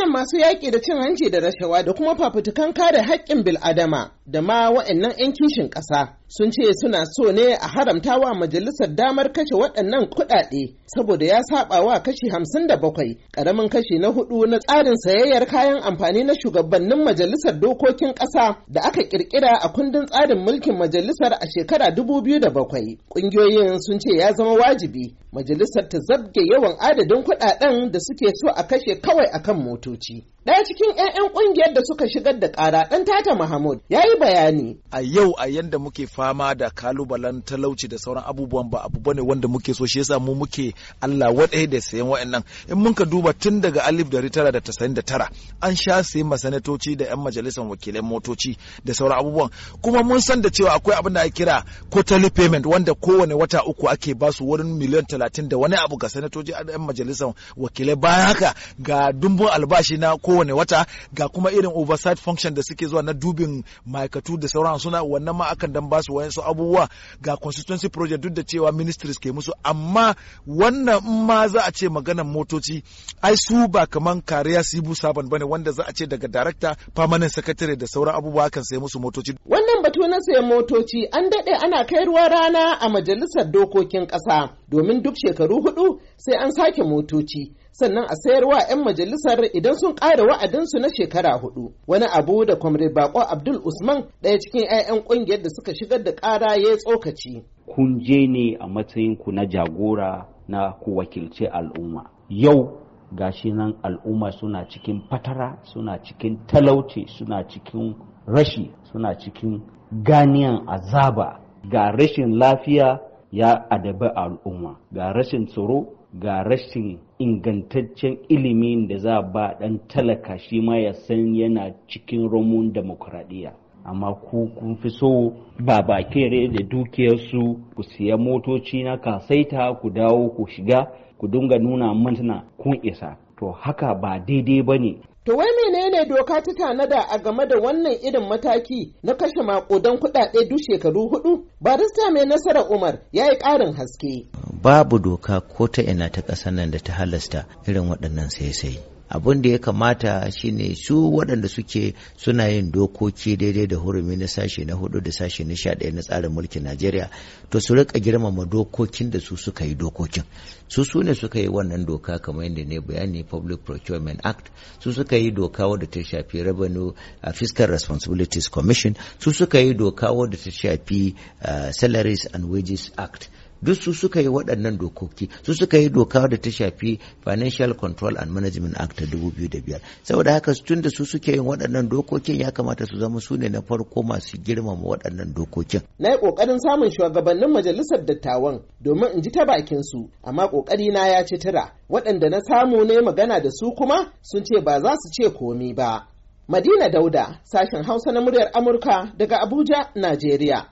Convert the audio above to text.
Waɗannan masu yaƙi da cin hanci da rashawa da kuma fafutukan kare haƙƙin bil'adama da ma waɗannan 'yan kishin ƙasa sun ce suna so ne a haramta wa majalisar damar kashe waɗannan kuɗaɗe saboda ya saba wa kashi hamsin da bakwai ƙaramin kashi na hudu na tsarin sayayyar kayan amfani na shugabannin majalisar dokokin ƙasa da aka ƙirƙira a kundin tsarin mulkin majalisar a shekara dubu biyu da bakwai ƙungiyoyin sun ce ya zama wajibi majalisar ta zabge yawan adadin kuɗaɗen da suke so a kashe kawai akan motoci ɗaya cikin 'ya'yan ƙungiyar da suka shigar da ƙara ɗan tata mahmud ya yi bayani. A yau a yanda muke fama da kalubalen talauci da sauran abubuwan ba abu bane wanda muke so shi yasa mu muke Allah wadai da sayan wa'annan. In mun ka duba tun daga alif dari tara da tasa'in da tara an sha sayan masanatoci da 'yan majalisar wakilan motoci da sauran abubuwan. Kuma mun san da cewa akwai abin da ake kira quarterly payment wanda kowane wata uku ake basu wurin miliyan talatin da wani abu ga sanatoci a 'yan majalisar wakilai bayan haka ga dumbun albashi na kowane wata ga kuma irin oversight function da suke zuwa na dubin ma'aikatu da sauran suna wannan ma akan dan basu wayansu abubuwa ga constituency project duk da cewa ministries ke musu amma wannan in ma za a ce maganan motoci ai su ba kaman kariya sibu saban bane wanda za a ce daga director permanent secretary da sauran abubuwa kan sai musu motoci wannan batu na sayan motoci an dade ana kai ruwa rana a majalisar dokokin kasa domin duk shekaru hudu sai an sake motoci sannan a sayarwa 'yan majalisar idan sun ƙara wa'adinsu na shekara hudu. Wani abu da Kwamre Bako Abdul Usman ɗaya cikin 'ya'yan ƙungiyar da suka shigar da ƙara ya tsokaci. Kun je ne a matsayin ku na jagora na ku wakilce al'umma. Yau gashi nan al'umma suna cikin fatara, suna cikin talauci, suna cikin rashi, suna cikin ganiyan azaba. Ga rashin lafiya ya adabi al'umma, ga rashin tsoro, ga rashin ingantaccen ilimin da za ba dan talaka shi ma ya san yana cikin romun demokuraɗiyya amma ku kun fi so ba bakere da dukiyarsu ku siya motoci na kasaita ku dawo ku shiga ku dinga nuna mantana kun isa to haka ba daidai ba ne To wai menene doka ta tanada a game da wannan irin mataki na kashe makudan kuɗaɗe duk shekaru hudu? Barista mai nasara Umar ya yi ƙarin haske. babu doka ko ta ina ta ƙasar nan da ta halasta irin waɗannan sai-sai abin da ya kamata shine su waɗanda suke suna yin dokoki daidai da hurumi na sashe na hudu da sashe na sha ɗaya na tsarin mulkin najeriya to su rika girmama dokokin da su suka yi dokokin su su ne suka yi wannan doka kamar yadda ne bayani public procurement act su suka yi doka wadda ta shafi revenue a uh, fiscal responsibilities commission su suka yi doka wadda ta shafi uh, salaries and wages act duk su suka yi waɗannan dokoki su suka yi doka da ta shafi financial control and management act ta 2005 saboda haka tun da su suke yin waɗannan dokokin ya kamata su zama su ne na farko masu girmama waɗannan dokokin na yi ƙoƙarin samun shugabannin majalisar dattawan domin in ji ta bakin su amma ƙoƙari na ya ci tura waɗanda na samu ne magana da su kuma sun ce ba za su ce komi ba Madina Dauda, sashen Hausa na muryar Amurka daga Abuja, Najeriya.